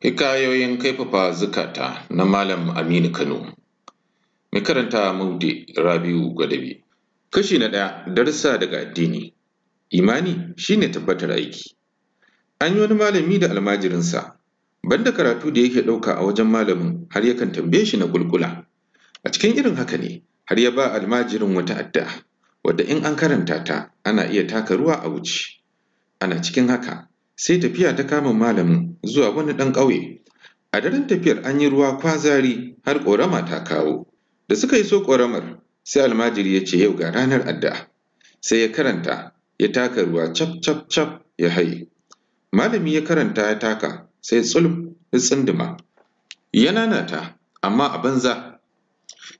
Hikayoyin kaifafa zukata na Malam Aminu Kano. Mai karanta Maude Rabiu Gwadabi. Kashi na ɗaya darussa daga addini. Imani shine tabbatar aiki. An yi wani malami da almajirinsa, banda karatu da yake ɗauka a wajen malamin har yakan tambaye shi na gulgula. A cikin irin haka ne, har ya ba almajirin wata adda, wadda in an karanta ta ana iya taka ruwa a wuce. Ana cikin haka, sai tafiya ta kama malamin zuwa wani ɗan ƙauye. A daren tafiyar an yi ruwa kwazari har ƙorama ta kawo. Da suka iso ƙoramar, sai almajiri ya ce yau ga ranar addu'a. Sai ya karanta, ya taka ruwa cap cap cap ya haye. Malami ya karanta ya taka, sai tsulum ya tsunduma. Ya nanata, amma a banza.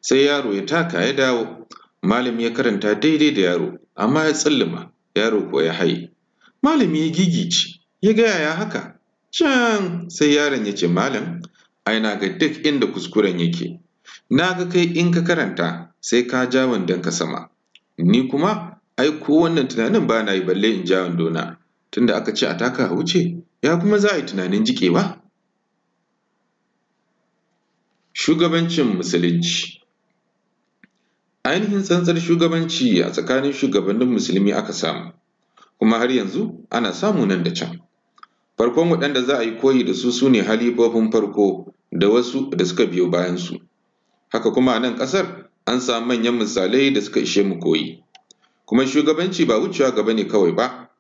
Sai yaro ya taka ya dawo. Malami ya karanta daidai da yaro, amma ya tsilluma, yaro ko ya haye. Malami ya gigice, ya ga yaya haka can sai yaron ya ce malam ai na ga duk inda kuskuren yake na ga kai in ka karanta sai ka ja wandon ka sama ni kuma ai ko wannan tunanin ba na yi balle in ja wandona tunda aka ce a taka a wuce ya kuma za a yi tunanin jikewa shugabancin musulunci ainihin tsantsar shugabanci a tsakanin shugabannin musulmi aka samu kuma har yanzu ana samu nan da can Farkon waɗanda za a yi koyi da su su ne halifofin farko da wasu da suka biyo bayansu. Haka kuma a nan ƙasar an samu manyan misalai da suka ishe mu koyi. Kuma shugabanci ba wucewa gaba ne kawai ba.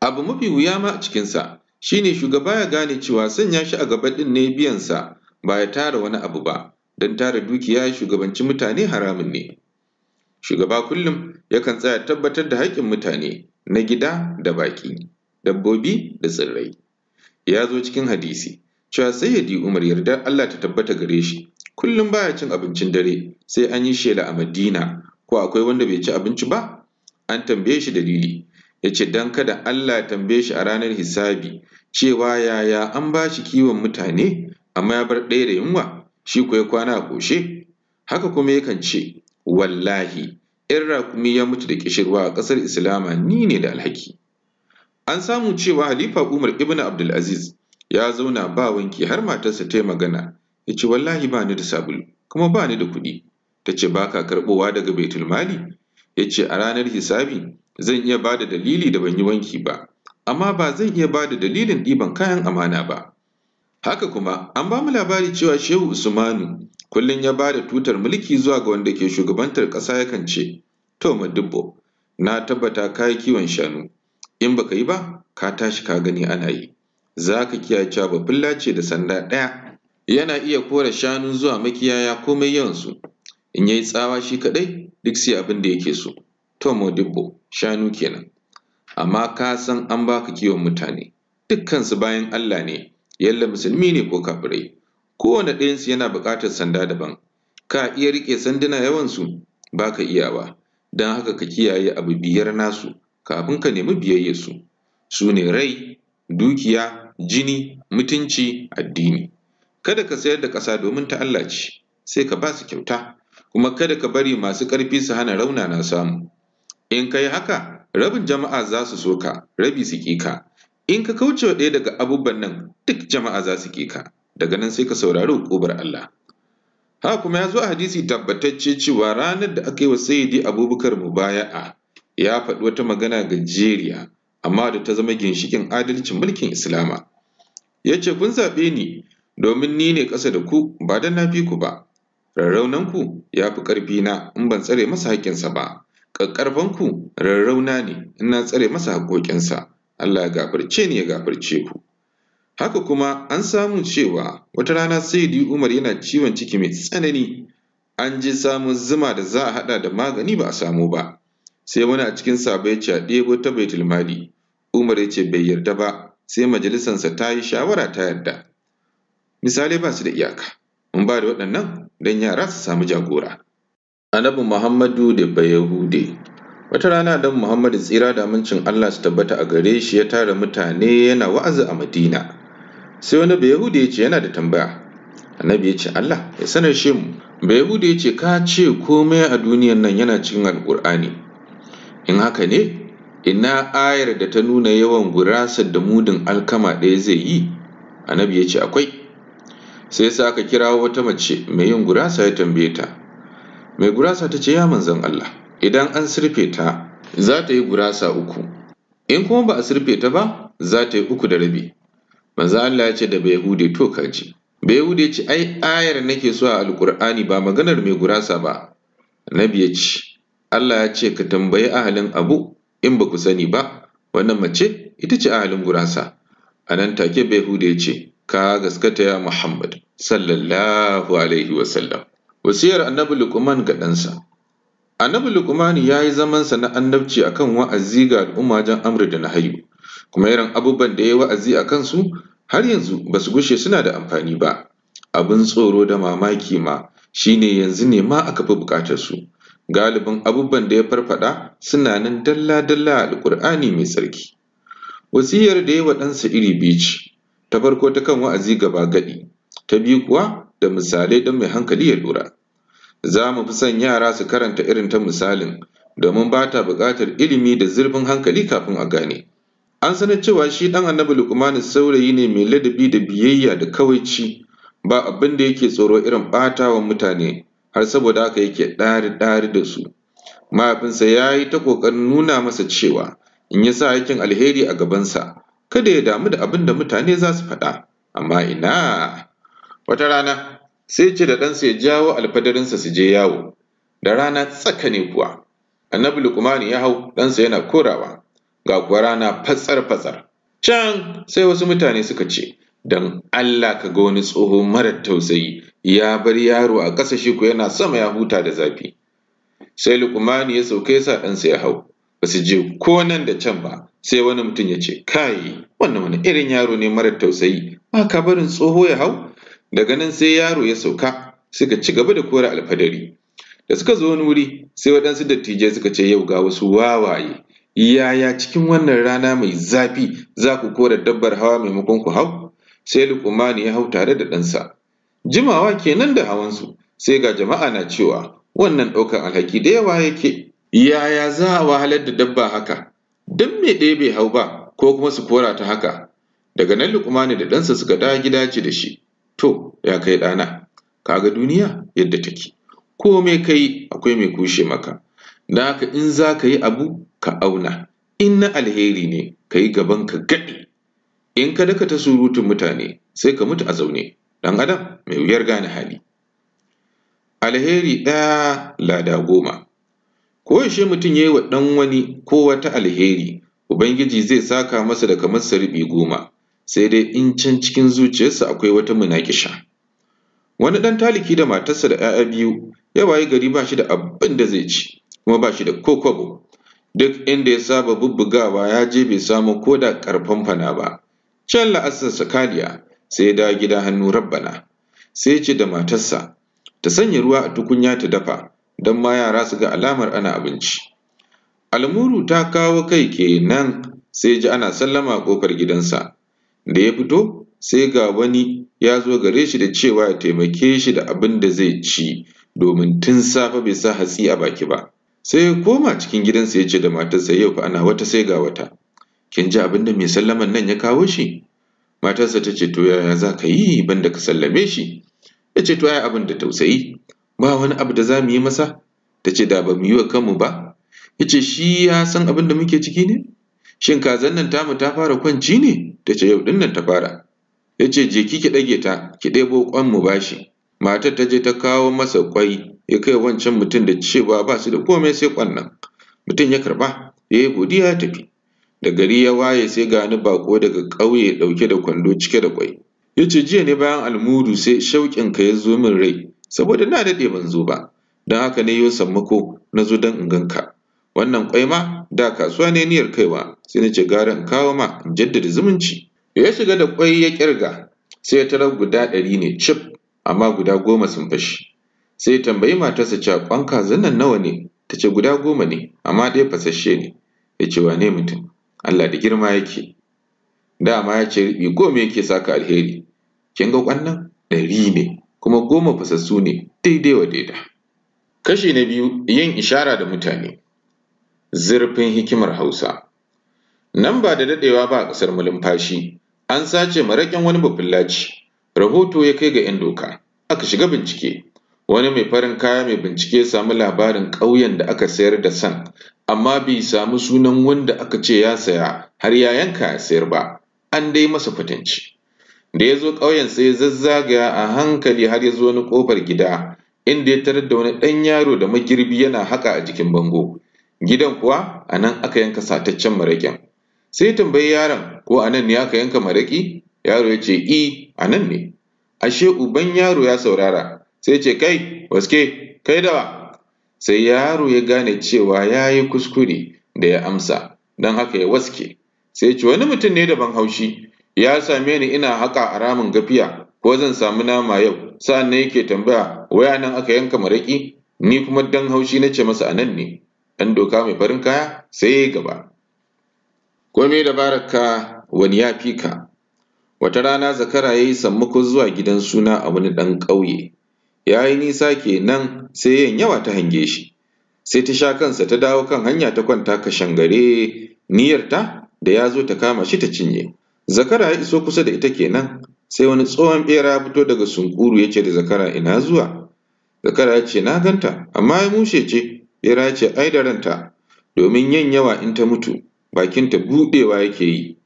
Abu mafi wuya ma a cikinsa shi ne shugaba ya gane cewa sanya shi a gaba ɗin ne biyansa ba ya tara wani abu ba, don tara dukiya shugabanci mutane haramun ne. Shugaba kullum yakan tsaya tabbatar da haƙƙin mutane na gida da baƙi, dabbobi da tsirrai. Ya zo cikin hadisi, cewa sai ya di Umar yardar Allah ta tabbata gare shi, kullum baya cin abincin dare sai an yi shela a Madina ko akwai wanda bai ci abinci ba? An tambaye shi dalili, ya ce don kada Allah tambaye shi a ranar hisabi cewa yaya an ba shi kiwon mutane amma ya bar ɗaya da yunwa shi ko ya kwana a koshe Haka kuma yakan ce, wallahi, in rakumi ya mutu da kishirwa a ƙasar Islama ni ne da alhaki. An samu cewa Halifa Umar ibn Abdulaziz ya zauna ba wanki har matarsa ta yi magana, ya ce wallahi ba ni da sabulu, kuma ba ni da kuɗi. Ta ce ba ka karɓowa daga Baitul Mali? Ya ce a ranar hisabi zan iya ba da dalili da ban yi wanki ba, amma ba zan iya ba da dalilin ɗiban kayan amana ba. Haka kuma an ba mu labari cewa Shehu Usmanu kullum ya ba da tutar mulki zuwa ga wanda ke shugabantar ƙasa yakan ce, To na tabbata kayi kiwon shanu, in ba ka yi ba ka tashi ka gani ana yi za ka kiyaye cewa bafulla da sanda ɗaya yana iya kore shanu zuwa makiyaya komai yawansu in yayi tsawa shi kaɗai duk sai abin da yake so to modibbo shanu kenan amma ka san an baka kiwon mutane dukkansu bayan Allah ne yalla musulmi ne ko kafirai kowane ɗayansu yana buƙatar sanda daban ka iya riƙe sanduna yawansu ba ka iyawa don haka ka kiyaye abu biyar nasu kafin ka nemi biyayyarsu, su ne rai, dukiya, jini, mutunci, addini. Kada ka sayar da ƙasa domin ta Allah ce, sai ka ba su kyauta, kuma kada ka bari masu ƙarfi su hana rauna na samu. In ka yi haka, rabin jama'a za su so ka, rabi su ƙi ka. In ka kauce wa ɗaya daga abubuwan nan, duk jama'a za su ƙi ka. Daga nan sai ka saurari hukumar Allah. Haka kuma ya zo a hadisi tabbatacce cewa ranar da aka yi wa Sayyidi Abubakar mubaya'a ya faɗi wata magana ga gajeriya amma da ta zama ginshiƙin adalcin mulkin Islama. Ya ce, Kun zaɓe ni domin ni ne ƙasa da ku ba don na fi ku ba, rarraunanku ya fi ƙarfi na in ban tsare masa haƙƙinsa ba, ƙaƙƙarfanku rarrauna ne in na tsare masa haƙƙoƙinsa, Allah ya gafarce ni ya gafarce ku. Haka kuma an samu cewa wata rana Sayyidi Umar yana ciwon ciki mai tsanani, an je samun zuma da za a haɗa da magani ba a samu ba. sai muna cikin sabo ya ce a ɗebo ta baitul mali umar ya ce bai yarda ba sai sa ta yi shawara ta yarda misali ba su da iyaka mun ba da waɗannan don yara su samu jagora annabi muhammadu da bayahude wata rana dan muhammadu tsira da amincin allah su tabbata a gare shi ya tara mutane yana wa'azi a madina sai wani bayahude ya ce yana da tambaya annabi ya ce allah ya sanar shi mu bayahude ya ce ka ce komai a duniyan nan yana cikin alƙur'ani in haka ne ina ayar da ta nuna yawan gurasar da mudun alkama ɗaya zai yi annabi ya ce akwai sai sa aka kirawo wata mace mai yin gurasa ya tambaye ta mai gurasa ta ce ya manzan Allah idan an sirfe ta za ta yi gurasa uku in kuma ba a sirfe ta ba za ta yi uku da rabi manzan Allah ya ce da bai hude to kaji bai hude ce ai ayar nake so a alkur'ani ba maganar mai gurasa ba annabi ya ce Allah ya ce ka tambayi ahalin abu in ba ku sani ba, wannan mace ita ce ahalin gurasa. A nan take Behuda ya ce, ka gaskata ya Muhammad sallallahu alaihi wasallam. Wasiyar annabi lukman ga ɗansa. Annabi lukman ya yi zamansa na annabci akan wa'azi ga al'umma jan amri da na hayu, kuma irin abubuwan da ya yi wa'azi a kansu har yanzu ba su gushe suna da amfani ba. Abin tsoro da mamaki ma shine yanzu ne ma aka fi buƙatar su. Galibin abubuwan da ya farfaɗa suna nan dalla-dalla a Alƙur'ani mai tsarki. Wasiyar da ya wa ɗansa iri biyu ce, ta farko ta kan wa'azi gaba-gaɗi, ta biyu kuwa da misalai don mai hankali ya lura. Za mu fi son yara su karanta irin ta misalin, domin ba ta buƙatar ilimi da zurfin hankali kafin a gane. An sanar cewa shi ɗan annabi Lukmanu saurayi ne mai ladabi da biyayya da kawaici, ba abin da yake tsoro irin ɓata wa mutane har saboda haka yake ɗari-ɗari da su. Mahaifinsa ya yi ta ƙoƙarin nuna masa cewa in ya sa aikin alheri a gabansa, kada ya damu da abin da mutane za su faɗa, amma ina. Wata rana sai ce da ɗansa ya jawo alfadarinsa su je yawo, da rana tsaka ne kuwa. Annabi Lukumani ya hau ɗansa yana korawa, ga kuwa rana fatsar-fatsar. Can sai wasu mutane suka ce, don Allah ka ga wani tsoho mara tausayi ya bar yaro a ƙasa shi ko yana sama ya huta da zafi. Sai Lukumani ya sauka ya sa ɗansa ya hau, ba su je ko nan da can ba, sai wani mutum ya ce, Kai, wannan wani irin yaro ne marar tausayi, ba ka barin tsoho ya hau? Daga nan sai yaro ya sauka, suka ci gaba da kora alfadari. Da suka zo wani wuri, sai waɗansu dattijai suka ce yau ga wasu wawaye, yaya cikin wannan rana mai zafi za ku kora dabbar hawa maimakon ku hau? sai Lukumani ya hau tare da ɗansa. Jimawa kenan da hawansu, sai ga jama'a na cewa wannan ɗaukar alhaki da yawa yake. Yaya za a wahalar da dabba haka? Dan me ɗaya bai hau ba, ko kuma su kora ta haka? Daga nan Lukumani da ɗansa suka dawo gida ce da shi. To, ya kai ɗana, ka ga duniya yadda take. Kome kai akwai mai kushe maka. Da haka in za ka yi abu, ka auna. In na alheri ne, ka yi gaban ka gaɗi. in ka daka ta surutun mutane sai ka mutu a zaune ɗan adam mai wuyar gane hali alheri ɗaya lada goma Ko yaushe mutum ya yi wa ɗan wani ko wata alheri ubangiji zai saka masa da kamar sarbi goma sai dai in can cikin zuciyarsa akwai wata munakisha wani ɗan taliki da matarsa da 'ya'ya biyu ya wayi gari ba shi da abin da zai ci kuma ba shi da ko kwabo duk inda ya saba bubbugawa ya je bai samu ko da ƙarfan fana ba Can la'asar sakaliya sai da gida hannu rabbana, sai ce da matarsa, ta sanya ruwa a tukunya ta dafa, don ma yara su ga alamar ana abinci. Almuru ta kawo kai kenan sai ji ana sallama a ƙofar gidansa, da ya fito sai ga wani ya zo gare shi da cewa ya taimake shi da abin da zai ci domin tun safe bai sa hatsi a baki ba. Sai ya koma cikin gidansa ya ce da matarsa yau fa ana wata sai ga wata. kin ji abin da mai sallaman nan ya kawo shi? Matarsa ta ce, To yaya za ka yi banda ka sallame shi? Ya ce, To yaya abin da tausayi, ba wani abu da za mu yi masa? Ta ce, Da ba mu yi wa kanmu ba? Ya ce, Shi ya san abin da muke ciki ne? Shin kazan nan tamu ta fara kwanci ne? Ta ce, Yau ɗin nan ta fara. Ya ce, Je ki ɗage ta, ki ɗebo ƙwan mu bashi. Matar ta je ta kawo masa ƙwai, ya kai wancan mutum da cewa ba su da komai sai ƙwan nan. Mutum ya karɓa, ya yi godiya ya tafi. Da gari ya waye sai ga wani baƙo daga ƙauye ɗauke da kwando cike da ƙwai. Ya ce jiya ne bayan almudu sai ka ya zo min rai, saboda na daɗe ban zo ba, don haka ne yau sammako na zo don in ganka. Wannan ƙwai ma da kasuwa ne niyyar kaiwa, sai na ce gara in kawo ma in jaddada zumunci. Ya shiga da ƙwai ya ƙirga, sai ya tarar guda ɗari ne cif, amma guda goma sun fashi. Sai ya tambayi matarsa cewa ƙwan kazan nan nawa ne, ta ce guda goma ne, amma ɗaya fasasshe ne. Ya ce wane mutum? Allah da girma yake dama ya ce riɓi goma yake saka alheri kin ga wannan ɗari ne kuma goma fasassu ne daidai wa daida kashi na biyu yin ishara da mutane zurfin hikimar hausa nan ba da daɗewa ba a ƙasar mulumfashi an sace maraƙin wani mafullaci. rahoto ya kai ga 'yan doka aka shiga bincike Wani mai farin kaya mai bincike ya sami labarin ƙauyen da aka sayar da san, amma bai samu sunan wanda aka ce ya saya har ya yanka ya sayar ba, an dai masa kwatanci. Da ya zo ƙauyen sai ya zazzagaya a hankali har ya zo wani ƙofar gida, inda ya tarar da wani ɗan yaro da magirbi yana haƙa a jikin bango. Gidan kuwa a nan aka yanka sataccen maraƙin. Sai tambayi yaron ko a nan ne aka yanka maraƙi? Yaro ya ce, I, eh, a nan ne. Ashe uban yaro ya saurara, sai ce kai waske kai dawa sai yaro ya gane cewa ya yi kuskure da ya amsa don haka ya waske sai ce wani mutum ne da ban haushi ya same ni ina haƙa a ramin gafiya ko zan samu nama yau sa'an nan yake tambaya waya nan aka yanka maraƙi ni kuma dan haushi na ce masa anan ne ɗan doka mai farin kaya sai ya gaba komai dabarar ka wani ya fi ka wata rana zakara ya yi sammako zuwa gidan suna a wani ɗan ƙauye ya yi nisa kenan sai yin yawa ta hange shi, sai ta sha kansa ta dawo kan hanya ta kwanta kashangare niyyarta da ya zo ta kama shi ta cinye. Zakara ya iso kusa da ita kenan sai wani tsohon bera ya fito daga sunkuru ya ce da zakara ina zuwa. Zakara ya ce na ganta amma ya mushe ce bera ya ce ai da ranta domin yin yawa in ta mutu bakinta buɗewa yake yi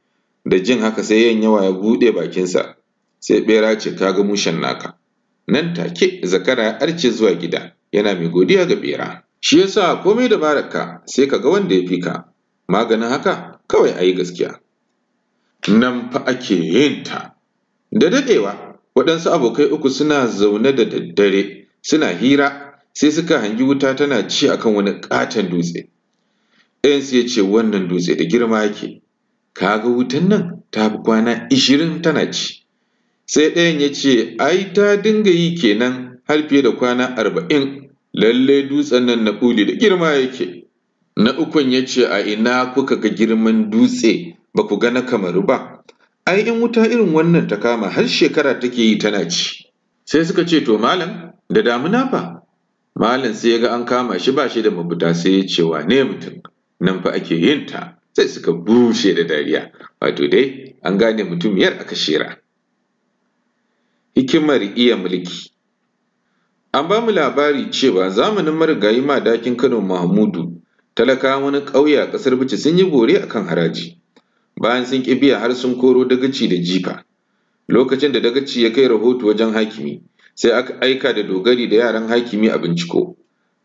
da jin haka sai yin yawa ya buɗe bakinsa sai bera ce kaga mushen naka. nan take zakara ya arce zuwa gida yana mai godiya ga bera shi yasa komai da baraka sai ka ga wanda ya fi ka maganin haka kawai a yi gaskiya nan fa ake yin ta da dadewa waɗansu abokai uku suna zaune da daddare suna hira sai suka hangi wuta tana ci akan wani ƙaton dutse ɗayansu ya ce wannan dutse da girma yake ga wutan nan ta fi kwana ishirin tana ci Sai ɗayan ya ce, "Ai, ta dinga yi kenan har fiye da kwana arba'in, lalle dutsen nan na ƙuli da girma yake." Na ukun ya ce, "A ina kuka ga girman dutse ba ku ga na Kamaru ba, ai in wuta irin wannan ta kama har shekara take yi tana ci." Sai suka ce, "To malam, da damuna fa?" Malam sai ya ga an kama shi ba shi da mafita sai ya ce, "Wane mutum, nan fa ake yin ta." Sai suka bushe da dariya, wato dai an gane mutum yar aka shira. Hikimar iya mulki. An ba mu labari cewa zamanin marigayi madakin Kano Mahmudu, talaka wani ƙauye a ƙasar Bici sun yi bore a kan haraji, bayan sun ƙi biya har sun koro dagaci da jifa. Lokacin da dagaci ya kai rahoto wajen hakimi, sai aka aika da dogari da yaran hakimi a binciko.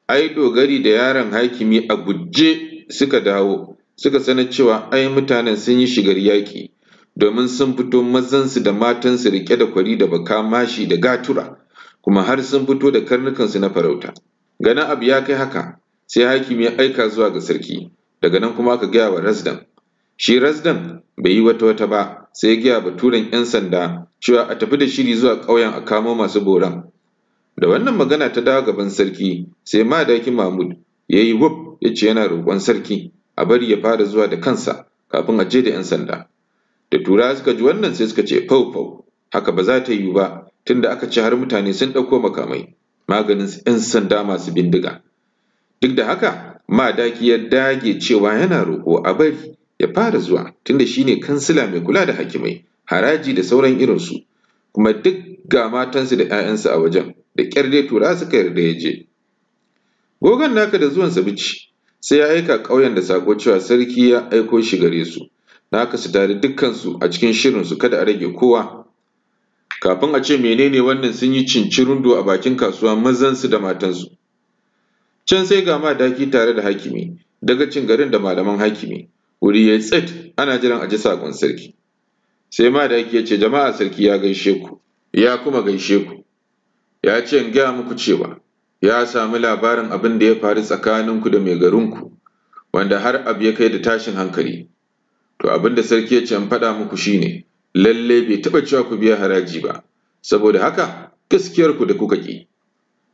Ai dogari da yaran hakimi a gujje suka dawo, suka sanar cewa ai mutanen sun yi shigar yaƙi. domin sun fito mazansu da matansu rike da kwari da baka mashi da gatura kuma har sun fito da karnukansu na farauta ganin abu ya kai haka sai hakim ya aika zuwa ga sarki daga nan kuma aka gaya wa rasdan shi rasdan bai yi wata wata ba sai ya gaya baturen yan sanda cewa a tafi da shiri zuwa ƙauyen a kamo masu boran da wannan magana ta dawo gaban sarki sai madaki mahmud ya yi wuf ya ce yana roƙon sarki a bari ya fara zuwa da kansa kafin a je da yan sanda da tura suka ji wannan sai suka ce fau fau haka ba za ta yiwu ba tunda aka ci har mutane sun ɗauko makamai maganin 'yan sanda masu bindiga duk da haka madaki ya dage cewa yana roƙo a bari ya fara zuwa tunda shine kansila mai kula da hakimai haraji da sauran irinsu kuma duk ga matansu da 'ya'yansu a wajen da ƙyar dai tura suka yarda ya je gogon naka da zuwansa bici sai ya aika ƙauyen da sako cewa sarki ya aiko shi gare su da haka su tari dukkansu a cikin shirinsu kada a rage kowa kafin a ce menene wannan sun yi cincirundo a bakin kasuwa mazan su da matansu can sai ga madaki tare da hakimi daga cin garin da malaman hakimi wuri ya tsit ana jiran a ji saƙon sarki sai madaki ya ce jama'a sarki ya gaishe ku ya kuma gaishe ku ya ce in gaya muku cewa ya sami labarin abin da ya faru tsakaninku da mai garin ku. wanda har abu ya kai da tashin hankali To abin da sarki ya ce in faɗa muku shine ne, lalle bai taɓa cewa ku biya haraji ba, saboda haka gaskiyar ku da kuka ƙi.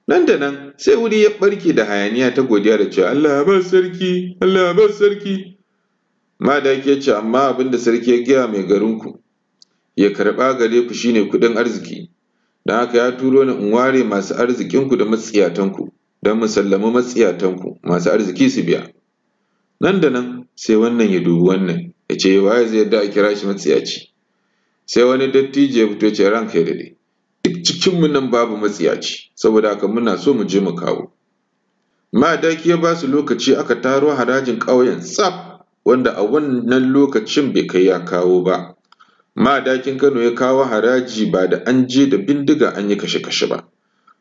Nan da nan sai wuri ya ɓarke da hayaniya ta godiya da cewa Allah bar sarki, Allah bar sarki. Madaki ya ce amma abin da sarki ya gaya mai garinku, ya karɓa gare ku shine kuɗin arziki, don haka ya turo ni in ware masu arzikinku da matsiyatan ku, don mu matsiyatan ku masu arziki su biya. Nan da nan sai wannan ya dubi wannan, ya ce waye zai yarda a kira shi matsiyaci sai wani dattijo ya fito ya ce ranka ya dade duk cikin mu nan babu matsiyaci saboda haka muna so mu je mu kawo madaki ya ba su lokaci aka taro harajin ƙauyen tsaf wanda a wannan lokacin bai kai ya kawo ba madakin kano ya kawo haraji ba da an je da bindiga an yi kashe-kashe ba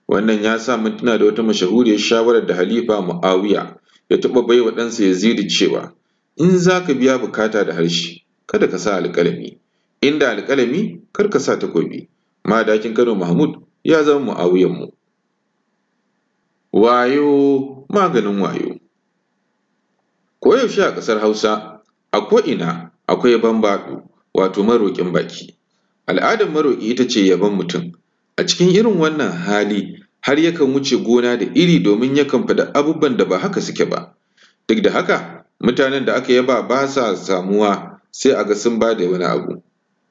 wannan ya sa mun tuna da wata mashahuriyar shawarar da halifa mu'awiya ya taɓa baiwa ɗansa yazidi cewa in za ka biya bukata da harshe kada ka sa alƙalami inda alƙalami kar ka sa takobi madakin kano mahmud ya zama mu wayo maganin wayo koyaushe a ƙasar hausa a ko'ina akwai banbaɗo wato maroƙin baki al'adar maroƙi ita ce yaban mutum a cikin irin wannan hali har yakan wuce gona da iri domin yakan faɗa abubban da ba haka suke ba duk da haka mutanen da aka yaba ba sa samuwa sai a ga sun ba da wani abu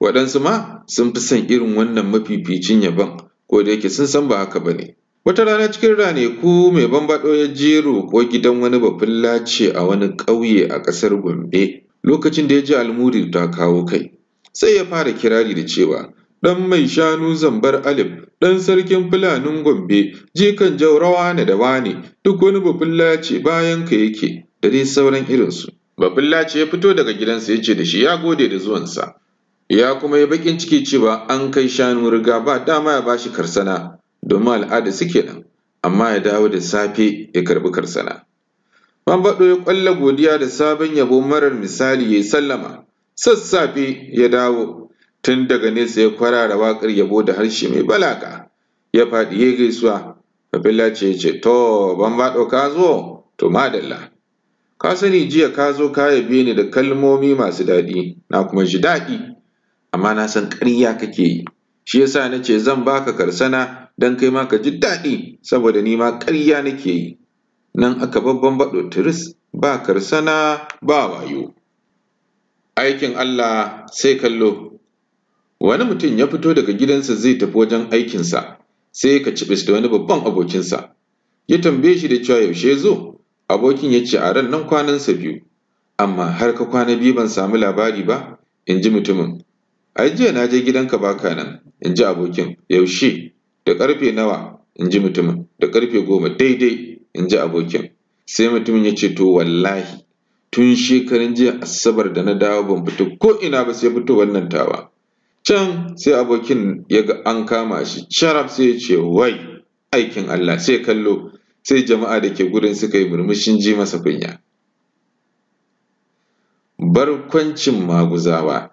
waɗansu ma sun fi son irin wannan mafificin yabon ko da yake sun san ba haka ba ne wata rana cikin raneku mai bambaɗo ya jero ko gidan wani babban lace a wani ƙauye a ƙasar gombe lokacin da ya ji almuri ta kawo kai sai ya fara kirari da cewa ɗan mai shanu zambar alif ɗan sarkin fulanin gombe jikan jaurawa ne da wane duk wani babban lace bayan ka yake da dai sauran irinsu. Bafullaci ya fito daga gidansa ya ce da shi ya gode da zuwansa, ya kuma yi bakin ciki cewa an kai shanu riga ba dama ya bashi karsana domin al'ada suke nan, amma ya dawo da safe ya karɓi karsana. Mambaɗo ya ƙwalla godiya da sabon yabo marar misali ya yi sallama, sassafe ya dawo tun daga nesa ya kwarara waƙar yabo da harshe mai balaka, ya faɗi ya gaisuwa, Bafullaci ya ce, To, ban ka zo? To, madalla. Ka sani jiya ka zo ka yabe ni da kalmomi masu daɗi, na kuma ji daɗi, amma na san ƙarya kake yi, shi yasa na ce zan baka karsana don kai ma ka ji daɗi saboda ni ma ƙarya nake yi. Nan aka baɗo turis, ba karsana ba wayo. Aikin Allah sai kallo. Wani mutum ya fito daga gidansa zai tafi wajen aikinsa, sai ka cibis da wani babban abokinsa, ya tambaye shi da cewa yaushe ya zo. Abokin ya ce a ran nan kwanansa biyu, amma har ka kwana biyu ban samu labari ba, in ji mutumin. Ai jiya na je gidanka ba ka nan, in ji abokin, yaushe, da ƙarfe nawa, in ji mutumin, da ƙarfe goma daidai, in ji abokin. Sai mutumin ya ce to wallahi, tun shekarun jiya asabar da na dawo ban fito ko ina ba sai fito wannan tawa. Can sai abokin ya ga an kama shi, sharaf sai ya ce wai, aikin Allah sai kallo, sai jama'a da ke gurin suka yi murmushin ji masa kunya. Barkwancin maguzawa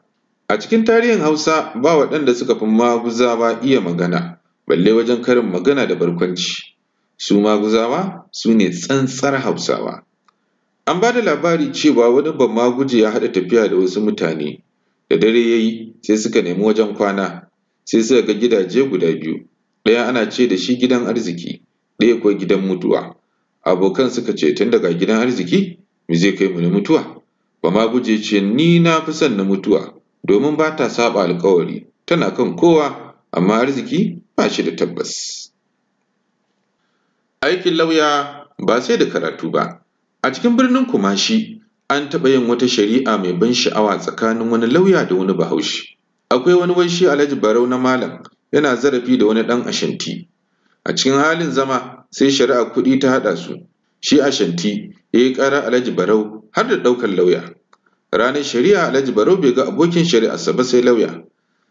A cikin tarihin Hausa ba waɗanda suka fi maguzawa iya magana, balle wajen karin magana da barkwanci. Su maguzawa su ne tsantsar Hausawa. An ba da labari cewa wani ban maguji ya haɗa tafiya da wasu mutane, da dare ya yi sai suka nemi wajen kwana, sai suka ga gidaje guda biyu, ɗaya ana ce da shi gidan arziki, ɗaya kuwa gidan mutuwa abokan suka ce tun daga gidan arziki me zai kai mu na mutuwa ba ma guje ce ni na fi son na mutuwa domin ba ta saba alkawari tana kan kowa amma arziki ba shi da tabbas aikin lauya ba sai da karatu ba a cikin birnin kumashi an taɓa yin wata shari'a mai ban sha'awa tsakanin wani lauya da wani bahaushe akwai wani waishi alhaji barau na malam yana zarafi da wani ɗan ashanti A cikin halin zama sai shari'a kuɗi ta haɗa su, shi shanti ya yi ƙara Alhaji Barau har da ɗaukar lauya. Ranar shari'a Alhaji Barau bai ga abokin shari'arsa ba sai lauya,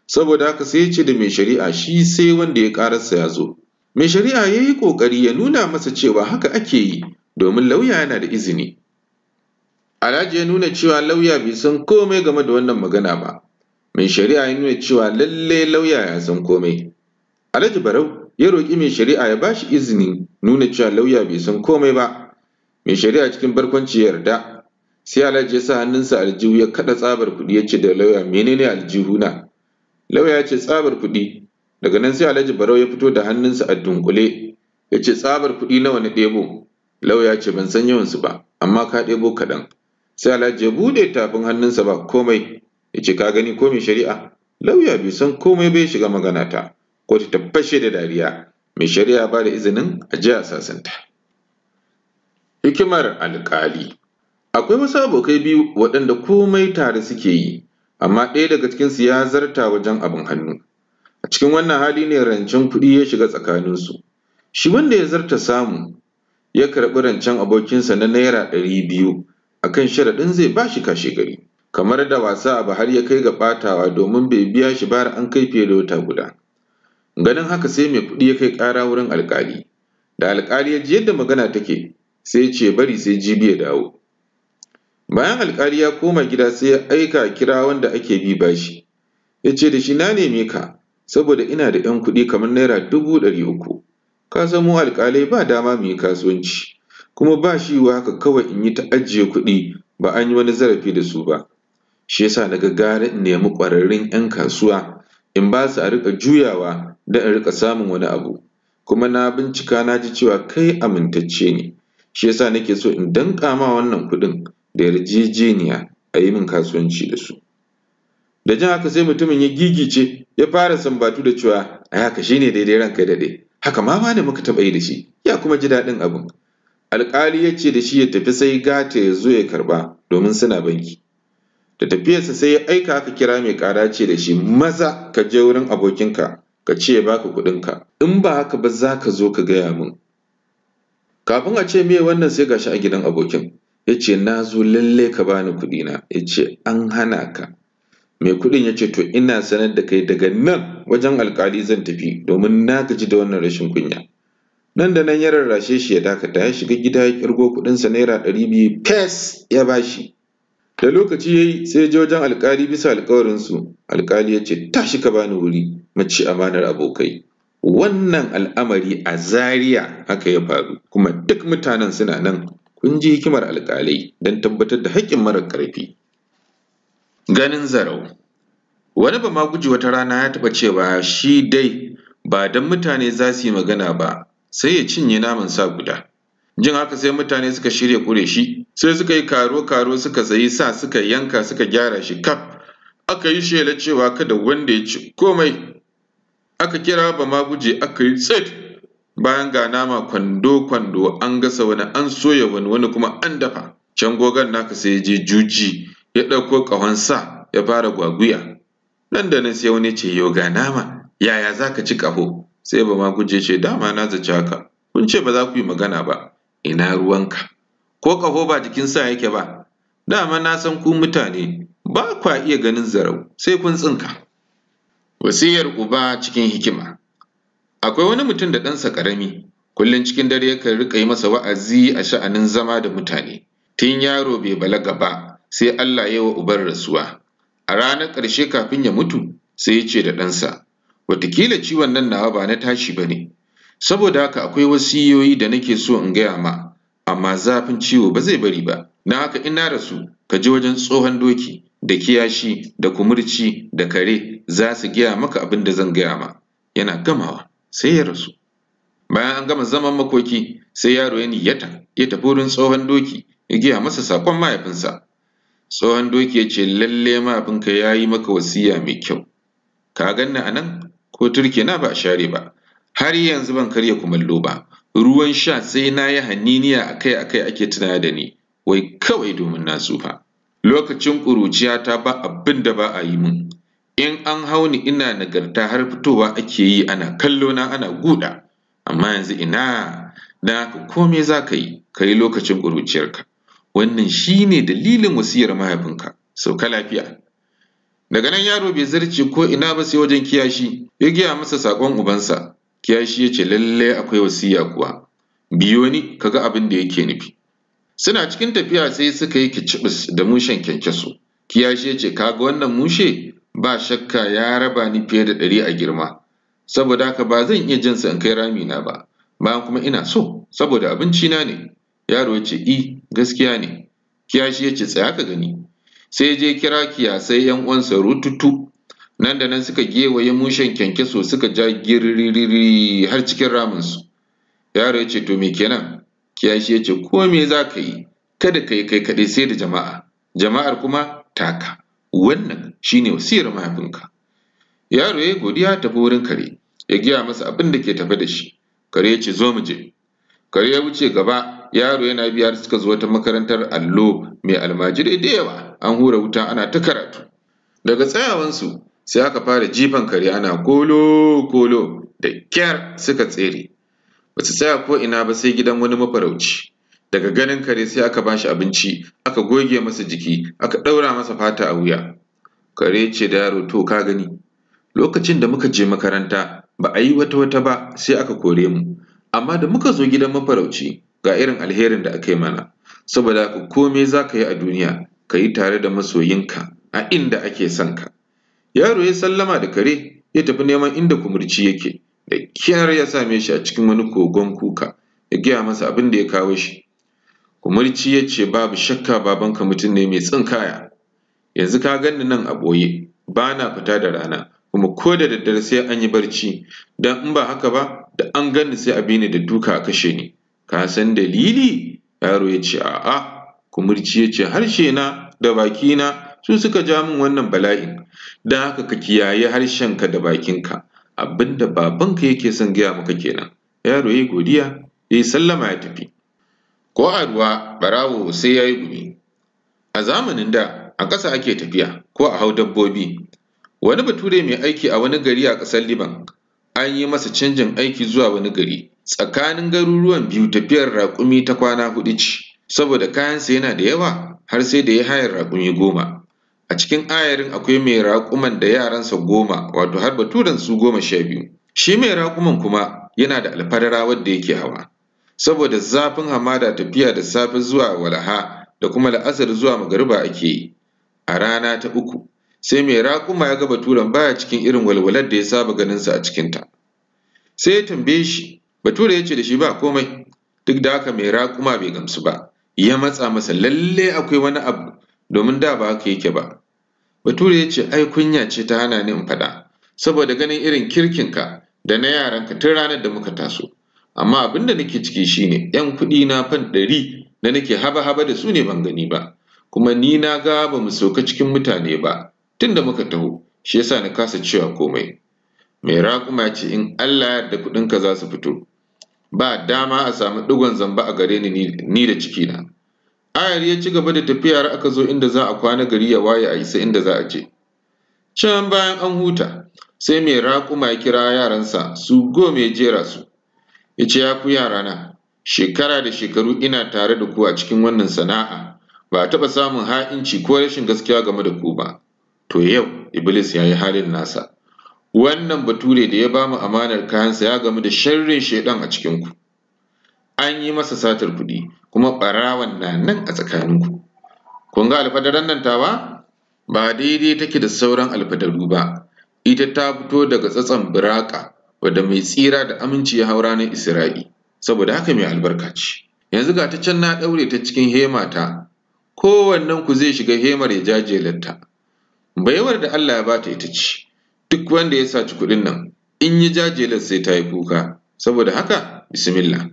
saboda haka sai ya ce da mai shari'a shi sai wanda ya ƙararsa ya zo. Mai shari'a ya yi ƙoƙari ya nuna masa cewa haka ake yi domin lauya yana da izini. Alhaji ya nuna cewa lauya bai san komai game da wannan magana ba. Mai shari'a ya nuna cewa lallai lauya ya san komai. Alhaji Barau ya roƙi mai shari'a ya bashi izini nuna cewa lauya bai san komai ba mai shari'a cikin barkwanci ya yarda sai alhaji ya sa hannunsa aljihu ya kaɗa tsabar kuɗi ya ce da lauya menene na?" lauya ya ce tsabar kuɗi daga nan sai alhaji barau ya fito da hannunsa a dunkule ya ce tsabar kuɗi nawa na ɗebo lauya ya ce ban san yawansu ba amma ka ɗebo kaɗan sai alhaji ya buɗe tafin hannunsa ba komai ya ce ka gani ko mai shari'a lauya bai san komai bai shiga magana ta Ko ta tabbashe da dariya mai shari'a ba da izinin a sasanta hikimar alkali akwai wasu abokai biyu waɗanda komai tare suke yi amma ɗaya daga cikinsu ya zarta wajen abin hannu a cikin wannan hali ne rancen kuɗi ya shiga tsakaninsu shi wanda ya zarta samu ya karɓi rancen abokinsa na naira ɗari biyu a kan sharaɗin zai ba shi kashe gari kamar da wasa abu har ya kai ga ɓatawa domin bai biya shi bara an kai fiye da wata guda Ganin haka sai mai kuɗi ya kai ƙara wurin alƙali. Da alƙali ya ji yadda magana take sai ce bari sai jibi ya dawo. Bayan alƙali ya koma gida sai ya aika kira wanda ake bi bashi. Ya ce da shi na neme ka saboda ina da ‘yan kuɗi kamar naira dubu ɗari uku. Ka san mu alƙalai ba dama mu yi kasuwanci, kuma ba shi wa haka kawai in yi ta ajiye kuɗi ba an yi wani zarafi da su ba. Shi yasa na ga gara nemi ƙwararrun ‘yan kasuwa in ba su a riƙa juyawa da in riƙa samun wani abu. Kuma na bincika na ji cewa kai amintacce ne, shi yasa nake so in danƙa ma wannan kuɗin da yarjejeniya a yi min kasuwanci da su. Da jin haka sai mutumin ya gigice ya fara sambatu da cewa ai haka shi ne daidai ranka ya daɗe, haka ma ma ne muka taɓa yi da shi, ya kuma ji daɗin abin. Alƙali ya ce da shi ya tafi sai gata ya zo ya karɓa domin suna banki. Da tafiyarsa sai ya aika aka kira mai ƙara ce da shi, maza ka je wurin abokinka, ka ce ya baka kuɗinka, in ba haka ba za ka zo ka gaya min. Kafin a ce me wannan sai gashi a gidan abokin, ya ce na zo lalle ka bani kuɗina, ya ce an hana ka. Mai kuɗin ya ce to ina sanar da kai daga nan wajen alkali zan tafi domin na gaji da wannan rashin kunya. Nan da nan ya rarrashe shi ya dakata ya shiga gida ya kirgo sa naira ɗari biyu fes ya bashi. Da lokaci ya yi sai ji wajen alkali bisa alkawarinsu, alkali ya ce, tashi ka bani wuri, mace amanar abokai. Wannan al'amari a Zaria haka ya faru, kuma duk mutanen suna nan kun ji hikimar alkalai don tabbatar da haƙƙin mara ƙarfi. Ganin zarau Wani ba ma guji wata rana ya taɓa cewa shi dai ba don mutane za su yi magana ba, sai ya cinye naman sa guda. Jin haka sai mutane suka shirya kure shi, Sai suka yi karo-karo suka sayi sa suka yanka suka gyara shi kaf, aka yi shela cewa kada wanda ya ci komai. Aka kira ba ma Bamaguje aka yi tsit bayan ga nama kwando-kwando an gasa wani an soya wani wani kuma an dafa. Can gogon naka sai ya je juji ya ɗauko ƙahon sa ya fara gwaguya. Nan da nan sai wani ce yau ga nama yaya za ka ci ƙaho? Sai ba ma guje ce dama na zaci haka kun ce ba za ku yi magana ba ina ruwanka. ko ƙaho ba jikin sa yake ba, dama na san ku mutane ba kwa iya ganin zarau sai kun tsinka. Wasiyar uba cikin hikima Akwai wani mutum da ɗansa ƙarami, kullum cikin dare yakan riƙa yi masa wa'azi a sha'anin zama da mutane, tun yaro bai balaga ba sai Allah ya wa uban rasuwa. A ranar ƙarshe kafin ya mutu sai ya ce da ɗansa, Watakila ciwon nan nawa ba na tashi ba ne, saboda haka akwai wasiyoyi da nake so in gaya ma, amma zafin ciwo ba zai bari ba. Na haka in na rasu ka je wajen tsohon doki da kiyashi da kumurci da kare za su gaya maka abin da zan gaya ma. Yana gamawa sai ya rasu. Bayan an gama zaman makoki sai yaro ya niyyata ya tafi wurin tsohon doki ya gaya masa sakon mahaifinsa. Tsohon doki ya ce lalle mahaifinka ya yi maka wasiya mai kyau. Ka ganni a nan ko turke na ba a share ba. Har yanzu ban karya kumallo ba. ruwan sha sai na yi haniniya akai-akai ake tuna da ni, wai kawai domin na tsufa. Lokacin ƙuruciya ta ba abin da ba a yi mun in an hau ni ina nagarta har fitowa ake yi ana kallo na ana guda, amma yanzu ina na ka kome za ka yi, ka yi lokacin ƙuruciyarka. Wannan shine ne dalilin wasiyar mahaifinka, sauka lafiya. Daga nan yaro bai zarce ko ina ba sai wajen kiyashi, ya gaya masa saƙon ubansa, Kiyashi ya ce lallai akwai wasiya kuwa, biyo ni ka ga abin da yake nufi. Suna cikin tafiya sai suka yi kicibis da mushen kyankyaso. Kiyashi ya ce, Ka wannan mushe? Ba shakka ya raba ni fiye da ɗari a girma, saboda haka ba zan iya jinsa in kai ramina ba, bayan kuma ina so, saboda abinci na ne. Yaro ya ce, I, gaskiya ne. Kiyashi ya ce, Tsaya ka gani. Sai je kira kiyasai ‘yan uwansa rututu Nan da nan suka gewaye mushen kyankyaso suka ja giririri har cikin ramunsu. Yaro ya ce, To me kenan? Kiyashi ya ce, Ko me za ka yi? Kada ka yi kai kaɗai sai da jama'a. Jama'ar kuma taka. Wannan shi ne wasiyar mahaifinka. Yaro ya godiya tafi wurin kare, ya gaya masa abin da ke tafe da shi. Kare ya ce, Zo mu je. Kare ya wuce gaba, yaro yana biyar suka zo wata makarantar allo mai almajirai da yawa. An hura wuta ana ta karatu. Daga tsayawansu, sai aka fara jifan kare ana kolo-kolo da kyar suka tsere ba su tsaya ko ina ba sai gidan wani mafarauci daga ganin kare sai aka bashi abinci aka goge masa jiki aka ɗaura masa fata a wuya kare ce da yaro to ka gani lokacin da muka je makaranta ba a yi wata wata ba sai aka kore mu amma da muka zo gidan mafarauci ga irin alherin da aka yi mana saboda komai za ka yi a duniya ka yi tare da masoyinka a inda ake son ka Yaro ya sallama da kare, ya tafi neman inda kumurci yake, da kyar ya same shi a cikin wani kogon kuka, ya gaya masa abin da ya kawo shi. Kumurci ya ce babu shakka babanka mutum ne mai tsin kaya. yanzu ka ganni nan a ɓoye, ba na fita da rana, kuma ko da daddare sai an yi barci, don in ba haka ba, da an gani sai a bi ni da duka a kashe ni. Ka san dalili? Yaro ya ce a'a, kumurci ya ce harshe na da bakina su suka ja min wannan bala'in don haka ka kiyaye harshen ka da bakinka abin da babanka yake son gaya maka kenan yaro ya yi godiya ya yi sallama ya tafi ko a ruwa barawo sai ya yi gumi a zamanin da a ƙasa ake tafiya ko a hau dabbobi wani bature mai aiki a wani gari a ƙasar liban an yi masa canjin aiki zuwa wani gari tsakanin garuruwan biyu tafiyar raƙumi ta kwana huɗu ce saboda kayansa yana da yawa har sai da ya hayar raƙumi goma A cikin ayarin akwai mai raƙuman da yaransa goma wato har baturen su goma sha biyu. Shi mai raƙuman kuma yana da alfadara wadda yake hawa. Saboda zafin hamada tafiya da safe zuwa walaha da kuma la'asar zuwa magariba ake yi. A rana ta uku, sai mai raƙuma ya ga baturan baya cikin irin walwalar da ya saba ganin sa a cikin ta Sai ya tambaye shi, bature ya ce da shi ba komai, duk da haka mai raƙuma bai gamsu ba. Ya matsa masa lalle akwai wani abu domin da ba haka yake ba. Bature ya ce ai kunya ce ta hana ni in faɗa, saboda ganin irin kirkinka da na yaranka tun ranar da muka taso. Amma abin da nake ciki shine ‘yan kuɗi na fan ɗari da nake haba-haba da su ne ban gani ba, kuma ni na ga ba mu sauka cikin mutane ba tun da muka taho, shi yasa na kasa cewa komai. Mai raƙuma ce in Allah ya yarda kuɗinka za su fito, ba dama a samu ɗigon zamba a gare ni da cikina. Ayar ya ci gaba da tafiya har aka zo inda za a kwana gari ya waye a isa inda za a je. Can bayan an huta, sai mai raƙuma ya kira yaransa su goma ya jera su. Ya ce ya ku yarana, shekara da shekaru ina tare da ku a cikin wannan sana'a, ba a taɓa samun ha'inci ko rashin gaskiya game da ku ba. To yau, Iblis ya yi halin nasa. Wannan bature da ya ba mu amanar kayansa ya gamu da sharrin shaidan a cikinku. an yi masa satar kuɗi kuma ɓarawan na nan a tsakaninku kun ga alfadaran nan tawa ba daidai take da sauran alfadaru ba ita ta fito daga tsatson biraka wadda mai tsira da aminci ya haura na isra'i saboda haka mai albarka ce yanzu ga ta can na ɗaure ta cikin hema ta kowannen ku zai shiga hemar ya jajelarta baiwar da Allah ya bata ita ce duk wanda ya saci kuɗin nan in yi jajelar sai ta yi kuka saboda haka bismillah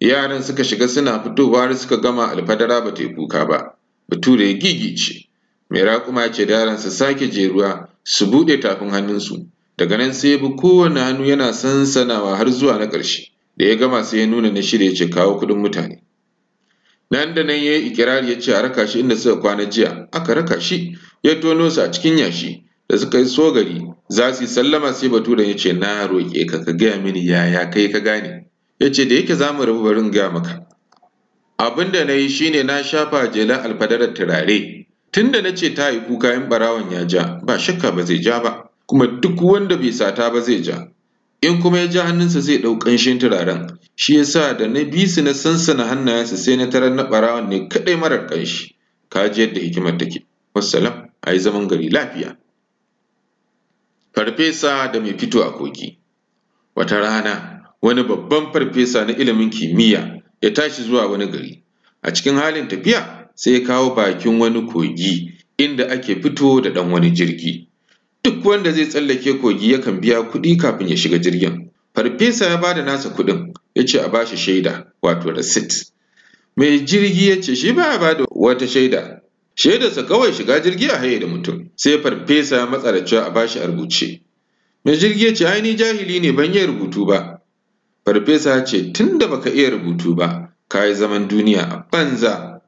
Yaran suka shiga suna fitowa har suka gama alfadara ba ta yi kuka ba. Bature ya gigice. Mai raƙuma ya ce da yaran su sake jeruwa su buɗe tafin hannunsu. Daga nan sai ya bi kowane hannu yana sansanawa har zuwa na ƙarshe. Da ya gama sai ya nuna na shirya ce kawo kuɗin mutane. Nan da nan ya yi ikirari ya ce a raka shi inda suka kwana jiya, aka raka shi ya tono su a cikin yashi da suka yi sogari za su yi sallama sai baturen ya ce na roƙe ka ka gaya mini yaya kai ka gane. ya ce da yake za mu rabu barin ga gaya maka abin da na yi shine na shafa jelan alfadarar turare tun da na ce ta yi kuka in ɓarawon ya ja ba shakka ba zai ja ba kuma duk wanda bai sata ba zai ja in kuma ya ja hannunsa zai ɗau ƙanshin turaren shi ya sa da na bi su na sansana hannayensa sai na tarar na barawon ne kaɗai marar ƙanshi ka ji yadda hikimar take wassalam a yi zaman gari lafiya farfesa da mai fito a kogi wata rana wani babban farfesa na ilimin kimiyya ya tashi zuwa wani gari. A cikin halin tafiya sai ya kawo bakin wani kogi inda ake fito da ɗan wani jirgi. Duk wanda zai tsallake kogi yakan biya kuɗi kafin ya shiga jirgin. Farfesa ya bada nasa kuɗin ya ce a bashi shaida wato receipt. Mai jirgi ya ce shi baya bada wata shaida shaidarsa kawai shiga jirgi a haye da mutum sai farfesa ya matsa da cewa a bashi a rubuce. Mai jirgi ya ce ai ni jahili ne ban yi rubutu ba Farfesa ce tun da baka iya rubutu ba, ka yi zaman duniya a banza.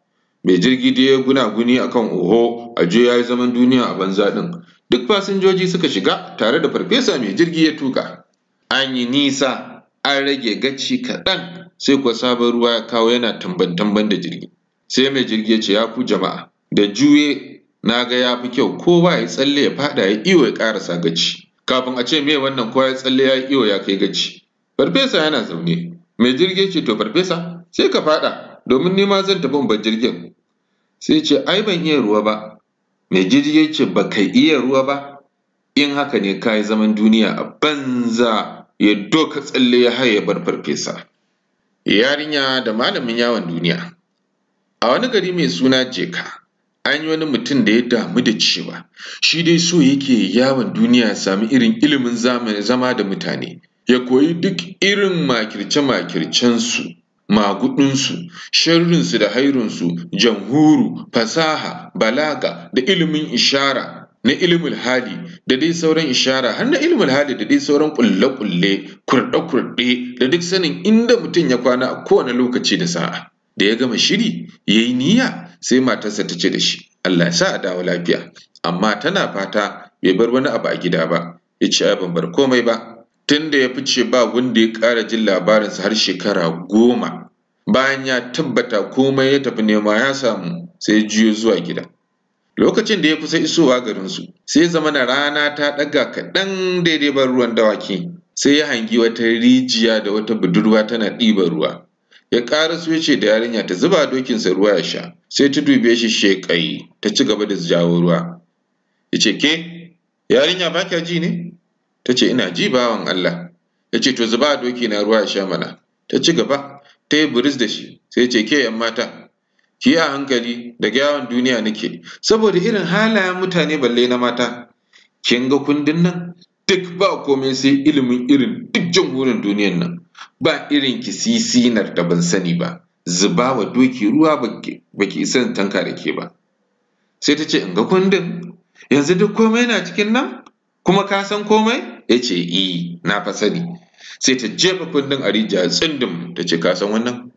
Mai jirgi dai ya guni a kan oho, a Ajo ya yi zaman duniya a banza ɗin. Duk fasinjoji suka shiga tare da farfesa mai jirgi ya tuka. An yi nisa, an rage gaci kaɗan, sai kuwa sabon ruwa ya kawo yana tamban-tamban da jirgi. Sai mai jirgi ya ce ya ku jama'a, da juye na ga ya fi kyau kowa ya tsalle ya faɗa ya iyo ya ƙarasa gaci. Kafin a ce me wannan kowa ya tsalle ya iyo ya kai gaci. Farfesa yana zaune, mai jirgi ce to farfesa, sai ka faɗa, domin ni ma zan tafi bar jirgin. Sai ce ai ban iya ruwa ba, mai jirgi ce ba ka iya ruwa ba, in haka ne ka yi zaman duniya a banza ya doka tsalle ya haye bar farfesa. Yarinya da malamin yawon duniya. A wani gari mai suna Jeka, an yi wani mutum da ya damu da cewa shi dai so yake yawon duniya ya sami irin ilimin zama da mutane ya koyi duk irin makirce-makircensu, maguɗinsu, sharrinsu da hairinsu, jamhuru, fasaha, balaga da ilimin ishara na ilimin hali da dai sauran ishara har na ilimin hali da dai sauran kulle-kulle kurɗe-kurɗe da duk sanin inda mutum ya kwana a kowane lokaci da sa'a da ya gama shiri ya yi niyya sai matarsa ta ce da shi Allah ya sa a dawo lafiya amma tana fata bai bar wani abu a gida ba ya ce ban bar komai ba tun da ya fice ba wanda ya ƙara jin labarinsa har shekara goma. Bayan ya tabbata komai ya tafi nema ya samu sai ya juyo zuwa gida. Lokacin da ya kusa isowa garinsu, sai zama na rana ta ɗaga kaɗan daidai ban ruwan dawaki, sai ya hangi wata rijiya da wata budurwa tana ɗiban ruwa. Ya ƙara su ya ce da yarinya ta zuba dokinsa ruwa ya sha, sai ta dube shi sheƙai ta ci gaba da jawo ruwa. Ya ce ke, yarinya ba kya ji ne? ta ce ina ji bawan Allah ya ce to zuba doki na ruwa ya sha mana ta ci gaba ta yi buris da shi sai ce ke yan mata ki yi a hankali da gyawan duniya nake saboda irin halayen mutane balle na mata kin ga kundin nan duk ba komai sai ilimin irin duk jamhurin duniyan nan ba irin ki sisinar da ban sani ba zuba wa doki ruwa baki san tanka da ke ba sai ta ce in ga kundin yanzu duk komai na cikin nan kuma ka san komai ya ce i e, na fa sani sai ta jefa kundin a rijiya tsindin ta ce ka san wannan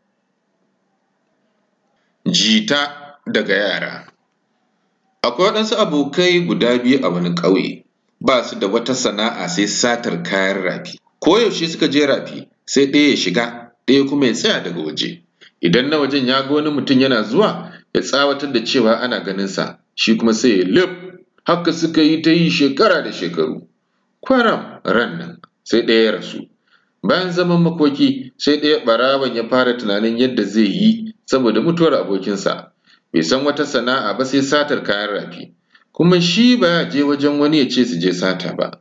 jita daga yara akwai waɗansu abokai guda biyu a wani ƙauye ba su da wata sana'a sai satar kayan rafi koyaushe suka je rafi sai ɗaya ya shiga ɗaya kuma ya tsaya daga waje idan na wajen ya ga wani mutum yana zuwa ya tsawatar da cewa ana ganin sa shi kuma sai ya lif haka suka yi ta yi shekara da shekaru kwaram ran nan sai ɗaya ya rasu bayan zaman makoki sai ɗaya ɓarawan ya fara tunanin yadda zai yi saboda mutuwar abokinsa bai san wata sana'a ba sai satar kayan rafi kuma shi ba ya je wajen wani ya ce su je sata ba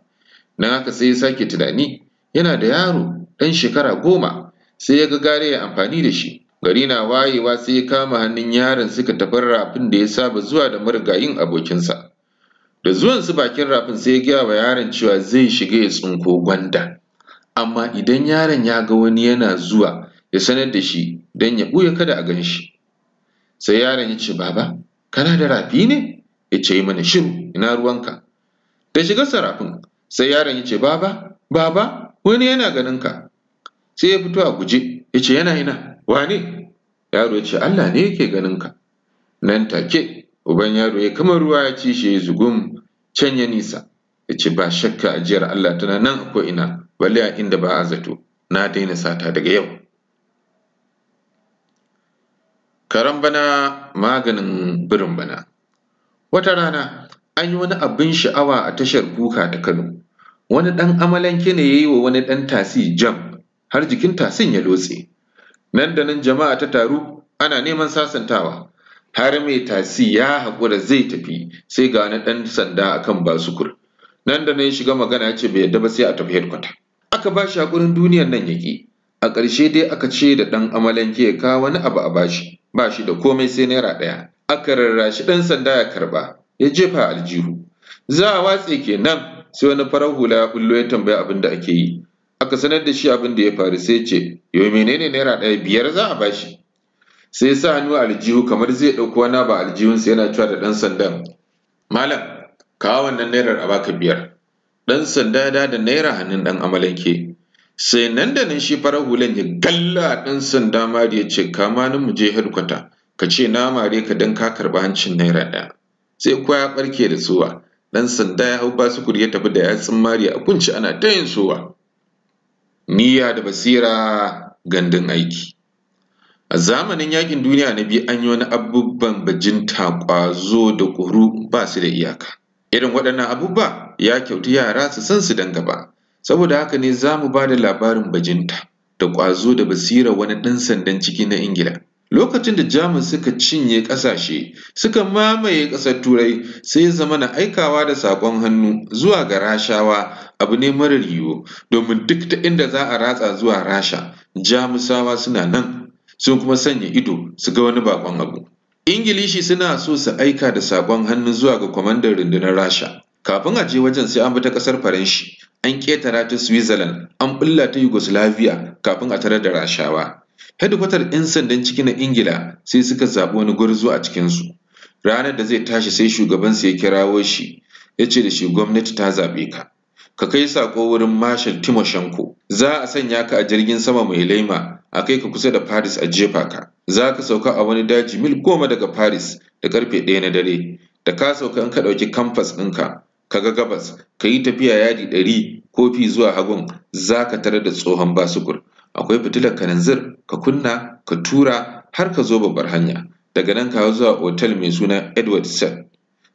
nan haka sai ya sake tunani yana da yaro ɗan shekara goma sai ya ga gare ya amfani da shi gari na wayewa sai ya kama hannun yaron suka tafi rafin da ya saba zuwa da marigayin abokinsa Da zuwan su bakin rafin sai ya gaya wa yaron cewa zai shiga ya tsinko gwanda, amma idan yaron ya ga wani yana zuwa ya sanar da shi don ya ɓuya kada a gan shi. Sai yaron ya ce, Baba, kana da rafi ne? Ya ce, Yi mana shiru, ina ruwanka. Da shiga sarafin, sai yaron ya ce, Baba, Baba, wani yana ganin ka. Sai ya fito a guje, ya ce, Yana ina, wane? Yaro ya ce, Allah ne yake ganin ka. Nan take, Uban yaro ya kama ruwa ya ci shi zugum can ya nisa. Ya ce ba shakka ajiyar Allah tana nan a ko'ina, balle a inda ba a zato, na daina sata daga yau. Karen bana maganin birin bana. Wata rana, an yi wani abin sha'awa a tashar kuka ta Kano. Wani ɗan amalanke ne ya yi wa wani ɗan tasi jam, har jikin tasin ya lotse. Nan da nan jama'a ta taru, ana neman sasantawa. har mai tasi ya haƙura zai tafi sai ga wani ɗan sanda akan basukur nan da na yi shiga magana ya ce bai yadda ba sai a tafi headquarter aka ba shi haƙurin duniyar nan ya ƙi a ƙarshe dai aka ce da ɗan amalanke ya kawo wani abu a bashi ba shi da komai sai naira ɗaya aka rarrashi ɗan sanda ya karɓa ya jefa aljihu za a watse kenan sai wani farar hula ya kullo ya tambaya abin da ake yi aka sanar da shi abin da ya faru sai ce yau menene naira ɗaya biyar za a bashi sai sa hannu a aljihu kamar zai ɗauko wani ba a sai yana cewa da ɗan sandan malam kawo wannan nairar a baka biyar ɗan sanda da da naira hannun ɗan amalanke sai nan da nan shi farar hulan ya galla ɗan sanda mari ya ce kama ni mu je hedkwata ka ce na mare ka dan ka karɓi hancin naira ɗaya sai kuwa ya ɓarke da tsuwa ɗan sanda ya hau basukur ya tafi da yatsun mari a kunci ana ta yin tsuwa niyya da basira gandun aiki A zamanin Yaƙin Duniya na Biyu an yi wani abubuwan bajinta, ƙwazo da ƙuru ba su da iyaka. Irin waɗannan abubuwa ya kyautu yara su san su don gaba, saboda haka ne za mu ba da labarin bajinta da ƙwazo da basirar wani ɗan sandan ciki na Ingila. Lokacin da Jamus suka cinye ƙasashe, suka mamaye ƙasar Turai, sai zama na aikawa da saƙon hannu zuwa ga Rashawa abu ne marar yiwu, domin duk ta inda za a ratsa zuwa Rasha, Jamusawa suna nan sun kuma sanya ido su ga wani bakon abu. Ingilishi suna so su aika da sakon hannu zuwa ga kwamandan rundunar Rasha. Kafin a je wajen sai an bi ta ƙasar Faranshi, an ƙetara ta Switzerland, an bulla ta Yugoslavia kafin a tarar da Rashawa. Hedikwatar 'yan sandan ciki na Ingila sai suka zaɓi wani gwarzo a cikinsu. Ranar da zai tashi sai shugabansa ya kirawo shi, ya ce da shi gwamnati ta zaɓe ka. Ka kai saƙo wurin Marshal Timoshenko, za a sanya ka a jirgin sama mai laima a kai ka kusa da Paris a jefa ka. Za ka sauka a wani daji mil goma daga Paris da karfe ɗaya na dare. Da ka sauka in ka ɗauki kamfas ɗinka, ka ga gabas, ka yi tafiya yadi ɗari kofi zuwa hagun za ka tarar da tsohon basukur. Akwai fitilar kananzir, ka kunna, ka tura har ka zo babbar hanya. Daga nan ka zuwa otal mai suna Edward Sell.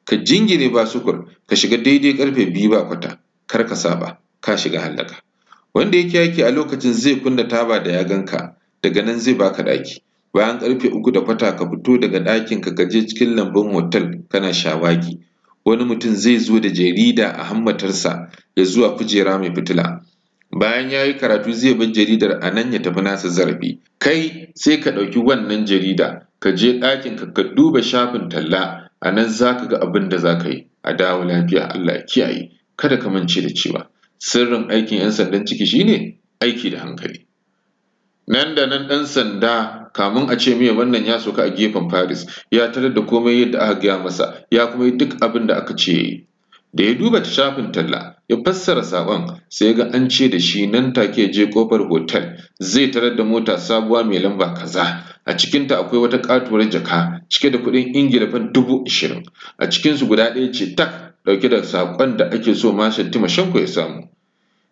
Ka jingine basukur, ka shiga daidai karfe biyu ba kwata, kar ka saba, ka shiga hallaka. Wanda yake yaki a lokacin zai kunna taba da ya ganka daga nan zai baka ɗaki. Bayan karfe uku da fata ka fito daga ɗakinka ka je cikin lambun hotel kana shawagi. Wani mutum zai zo da jarida a hammatarsa ya zuwa kujera mai fitila. Bayan ya yi karatu zai bar jaridar a nan ya tafi nasa zarafi. Kai sai ka ɗauki wannan jarida, ka je ɗakinka ka duba shafin talla, a nan za ka ga abin da za ka yi. A dawo lafiya Allah ya kiyaye. Kada ka mance da cewa. sirrin aikin 'yan sandan ciki shine aiki da hankali nan da nan ɗan sanda kamun a ce mai wannan ya soka a gefen paris ya tarar da komai yadda aka gaya masa ya kuma yi duk abin da aka ce da ya duba ta shafin talla ya fassara saƙon sai ga an ce da shi nan take je kofar hotel zai tarar da mota sabuwa mai lamba kaza a cikinta akwai wata katuwar jaka cike da kuɗin ingila fan dubu ashirin a cikinsu guda ɗaya ce tak ɗauke da saƙon da ake so Mashin Timoshenko ya samu.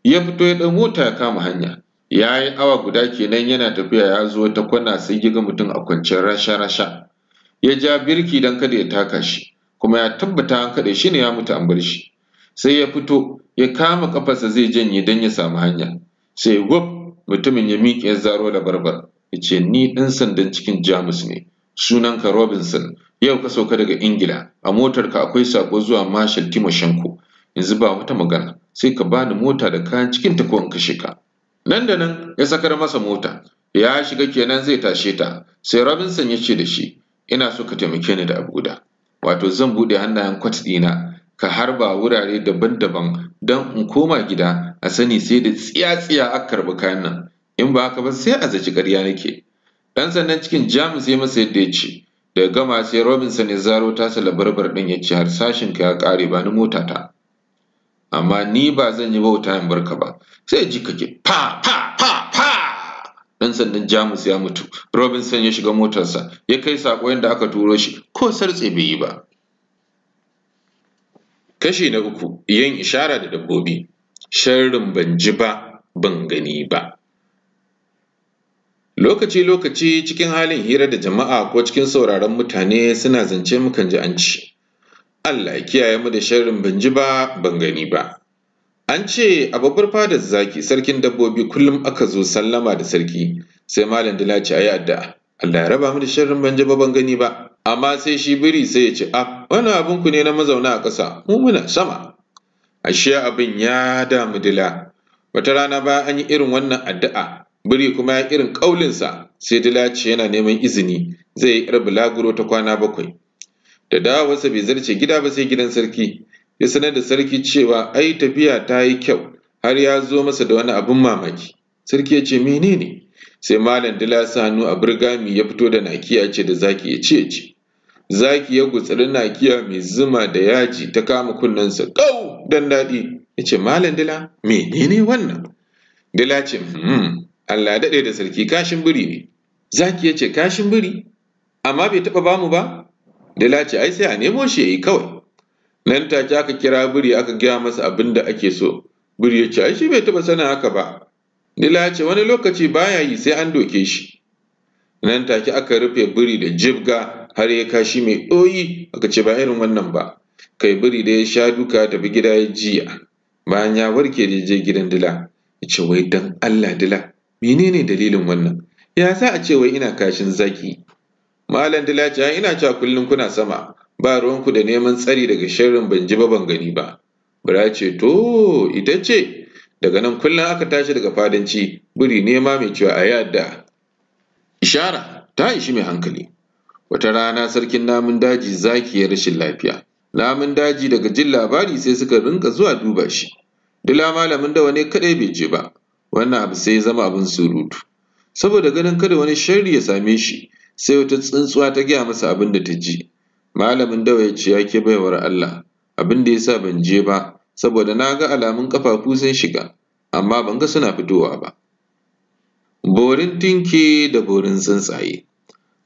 Ya fito ya ɗau mota ya kama hanya, ya yi awa guda kenan yana tafiya ya zo ta kwana sai ya ga mutum a kwanciyar rasha-rasha. Ya ja birki don kada ya taka shi, kuma ya tabbata an kaɗe shi ne ya mutu an bar shi. Sai ya fito ya kama ƙafarsa zai janye don ya samu hanya. Sai gwab mutumin ya miƙe zaro da barbar, ya ce ni ɗan sandan cikin Jamus ne, sunanka Robinson, Yau ka sauka daga Ingila, a motarka akwai sako zuwa Marshal Timoshenko, yanzu ba wata magana, sai ka bani mota da kayan cikin ko in kashe Nan da nan ya sakar masa mota, ya shiga kenan zai tashe ta, sai Robinson ya ce da shi, ina so ka taimake ni da abu guda. Wato zan buɗe hannayen kwat ɗina, ka harba wurare daban-daban don in koma gida a sani sai da tsiya-tsiya aka karbi kayan nan, in ba haka ba sai a zaci ƙarya nake. Ɗan sannan cikin Jamus ya masa yadda ya ce, Daga gama sai Robinson ya zaro tasa labarbar ɗin ya ce, har ka ya ƙare, bani motata. Amma ni ba zan yi bauta in barka ba. Sai ji kake pa fa fa fa. Dan sandan Jamus ya mutu. Robinson ya shiga motarsa, ya kai saƙo yadda aka turo shi, ko sartse bai yi ba. Kashi na uku, yin ishara da dabbobi. Sharrin ban ji ba, ban gani ba. Lokaci-lokaci cikin halin hira da jama'a ko cikin sauraron mutane suna zance mukan ji an ci, Allah ya kiyaye mu da sharrin ban ji ba ban gani ba. An ce a babbar fadar zaki sarkin dabbobi kullum aka zo sallama da sarki sai malam dila ce ayi addu'a. Allah ya raba mu da sharrin ban ji ba ban gani ba. Amma sai shi biri sai ya ce a ah, wannan abin ku ne na mazauna a ƙasa mu muna sama. Ashe abin ya damu dila. Wata rana bayan an yi irin wannan addu'a Biri kuma ya irin ƙaulinsa sai dilaci yana neman izini zai yi ƴar bulaguro ta kwana bakwai. Da dawowarsa bai zarce gida ba sai gidan sarki, ya sanar da sarki cewa ai tafiya ta yi kyau har ya zo masa da wani abin mamaki. Sarki ya ce menene? Sai malam dila sa hannu a burgami ya fito da nakiya ce da zaki ya ce ce. Zaki ya gutsari nakiya mai zuma da yaji ta kama kunnensa ƙau dan daɗi. Ya ce malam dila menene wannan? Dila ce hmm Allah daɗe da sarki kashin biri ne zaki ya ce kashin biri amma bai taɓa bamu ba dila ce ai sai a nemo shi ya yi kawai nan take aka kira biri aka gaya masa abin da ake so biri ya ce ai shi bai taɓa sanin haka ba dila ce wani lokaci baya yi sai an doke shi nan take aka rufe biri da jibga har ya kashi mai ɗoyi aka ce ba irin wannan ba kai biri da ya sha duka tafi gida ya jiya bayan ya warke da je gidan dila ya ce wai dan Allah dila menene dalilin wannan ya sa a ce wai ina kashin zaki malam dilaci ce ina cewa kullum kuna sama ba ruwanku da neman tsari daga sharrin ban ji ba ban gani ba bura ce to ita ce daga nan kullum aka tashi daga fadanci buri nema mai cewa a yadda ishara ta ishi mai hankali wata rana sarkin namun daji zaki ya rashin lafiya namun daji daga jin labari sai suka rinka zuwa duba shi dila malamin da wani kaɗai bai je ba wannan abu sai ya zama abin surutu saboda ganin kada wani sharri ya same shi sai wata tsuntsuwa ta gaya masa abin da ta ji malamin dawa ya ce ya ke baiwar Allah abin da ya sa ban je ba saboda na ga alamun ƙafafu sun shiga amma ban ga suna fitowa ba borin tinke da borin tsuntsaye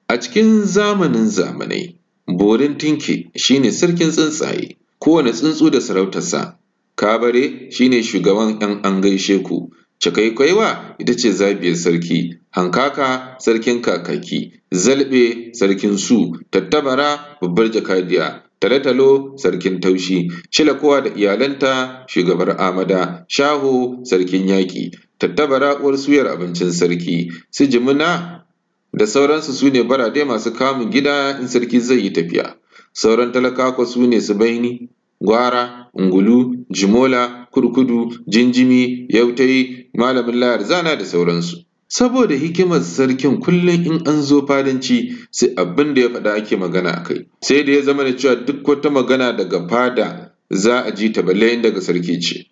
a cikin zamanin zamanai borin tinke shine sarkin tsuntsaye kowane tsuntsu da sarautarsa kabare shine shugaban yan an gaishe ku Cikaikaiwa ita ce zabiyar sarki, hankaka sarkin kakaki, zalɓe sarkin su, tattabara babbar jakadiya, talo sarkin taushi, shilakuwa da iyalanta shugabar amada, shaho sarkin yaƙi, tattabara uwar suyar abincin sarki, su jimina da sauransu su ne barade masu kamun gida in sarki zai yi tafiya, sauran talakawa kuwa su ne su baini. Gwara, Ungulu, Jimola, Kurkudu, Jinjimi, Yautai, Malamin Layar Zana da sauransu. Saboda hikimar sarkin kullum in an zo fadanci sai abin da ya faɗa ake magana a kai. Sai da ya zama da cewa duk wata magana daga fada za a ji ta balle daga sarki ce.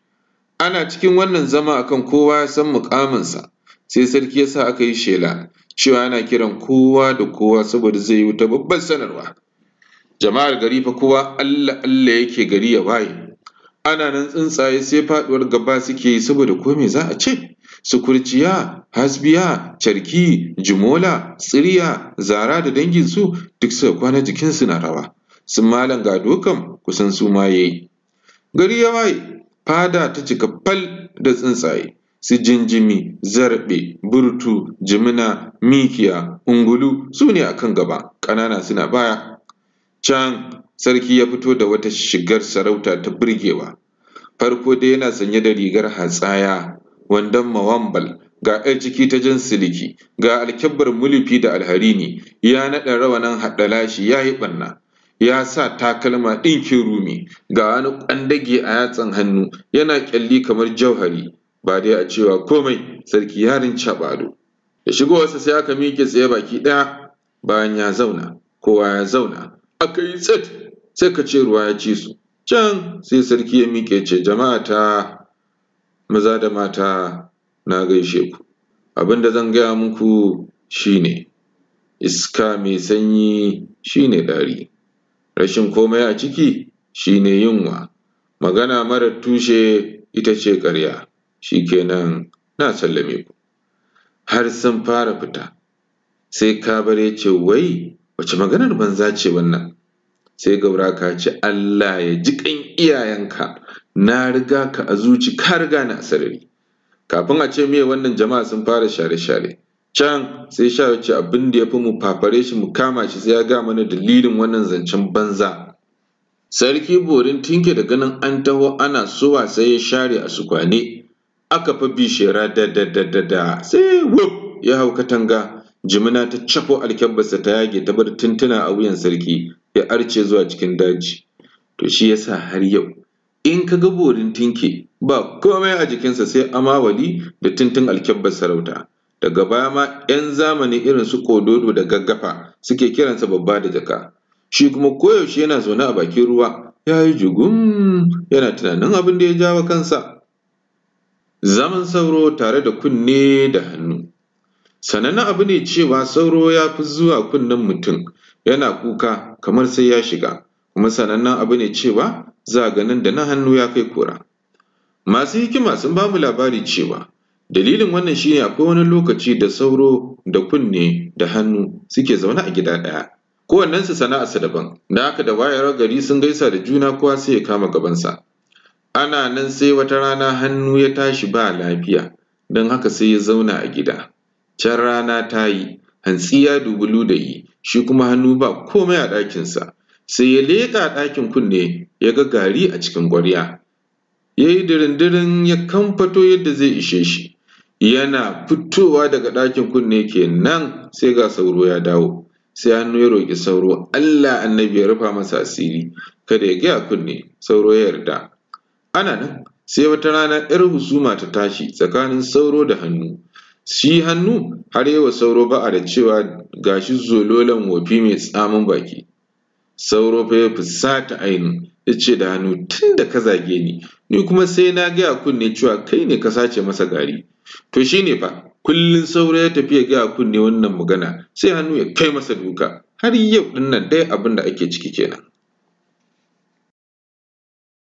Ana cikin wannan zama akan kowa ya san mukaminsa sai sarki ya sa aka yi shela cewa ana kiran kowa da kowa saboda zai yi wata babbar sanarwa. jama'ar gari fa kowa allah allah yake gari ya waye ana nan tsuntsaye sai faduwar gaba suke yi saboda ko me za a ce su kurciya hasbiya carki jimola tsiriya zara da danginsu duk suka kwana jikinsu na rawa sun malam gado kam kusan su ma yayi gari ya waye fada ta cika fal da tsuntsaye su jinjimi zarbe burtu jimina mikiya ungulu su ne akan gaba ƙanana suna baya Can, sarki ya fito da wata shigar sarauta ta burgewa. Farko dai yana sanye da rigar hatsaya, wandon mawambal, ga ‘yar ciki ta jan siliki, ga alkebbar mulufi da alharini, ya naɗa rawanin haɗalashi ya yi ɓanna. ya sa takalma ɗinkin rumi ga wani dage a yatsan hannu yana ƙyalli kamar jauhari ba dai a cewa komai sarki yarin caɓado da shigowarsa sai aka miƙe tsaye baki ɗaya bayan ya zauna kowa ya zauna aka yi tsit sai ka ce ruwa ya ci su can sai sarki ya miƙe ce jama'a ta maza da mata na gaishe ku abin da zan gaya muku shine iska mai sanyi shine ɗari rashin komai a ciki shine yunwa magana mara tushe ita ce ƙarya kenan na sallame ku har sun fara fita sai kabar ya ce wai wace maganar banza ce wannan sai gaura ka ce Allah ya ji iyayenka na riga ka a zuci ka riga ni a sarari kafin a ce me wannan jama'a sun fara share-share can sai sha wace ce abin da ya fi mu fafare shi mu kama shi sai ya ga mana dalilin wannan zancen banza sarki borin tinke da ganin an taho ana suwa sai ya share a sukwane aka fa bishera da da da sai wuf ya hau katanga Jimina ta cafo alkyabbarsa ta yage ta bar tuntuna a wuyan sarki ya arce zuwa cikin daji. To shi yasa har yau in ka ga borin tinke ba komai a jikinsa sai amawali da tuntun alkyabbar sarauta. Daga baya ma 'yan zamani irin su kododo da gaggafa suke kiransa babba da jaka. Shi kuma koyaushe yana zaune a bakin ruwa ya yi jugum yana tunanin abin da ya jawo kansa. Zaman sauro tare da kunne da hannu. Sanannen abu ne cewa sauro ya fi zuwa kunnen mutum, yana kuka kamar sai ya shiga, kuma sanannen abu ne cewa za a ganin da na hannu ya kai kora. Masu hikima sun ba mu labari cewa, dalilin wannan shine akwai wani lokaci da sauro da kunne da hannu suke zaune a gida ɗaya. Kowannensu sana'arsa daban, da haka da wayar gari sun gaisa da juna kowa sai ya kama gabansa. Ana nan sai wata rana hannu ya tashi ba lafiya, don haka sai ya zauna a gida. Can rana ta yi, hantsi ya dubi ludayi, shi kuma hannu ba komai a ɗakinsa, sai ya leƙa ɗakin kunne ya ga gari a cikin ƙwarya. Ya yi dirin ya kamfato yadda zai ishe shi, yana fitowa daga ɗakin kunne kenan sai ga sauro ya dawo. Sai hannu ya roƙi sauro Allah annabi ya rufa masa asiri, kada ya gaya kunne, sauro ya yarda. Ana nan, sai wata rana ‘yar husuma ta tashi tsakanin sauro da hannu. Shi hannu har yi wa sauro ba'a da cewa ga shi zololan wofi mai tsamin baki. Sauro fa ya fusata ainihin ya ce da hannu tun da ka zage ni, ni kuma sai na gaya kunne cewa kai ne ka sace masa gari. To shi ne fa, kullum sauro ya tafi ya gaya kunne wannan magana sai hannu ya kai masa duka, har yau ɗin nan dai abin da ake ciki kenan.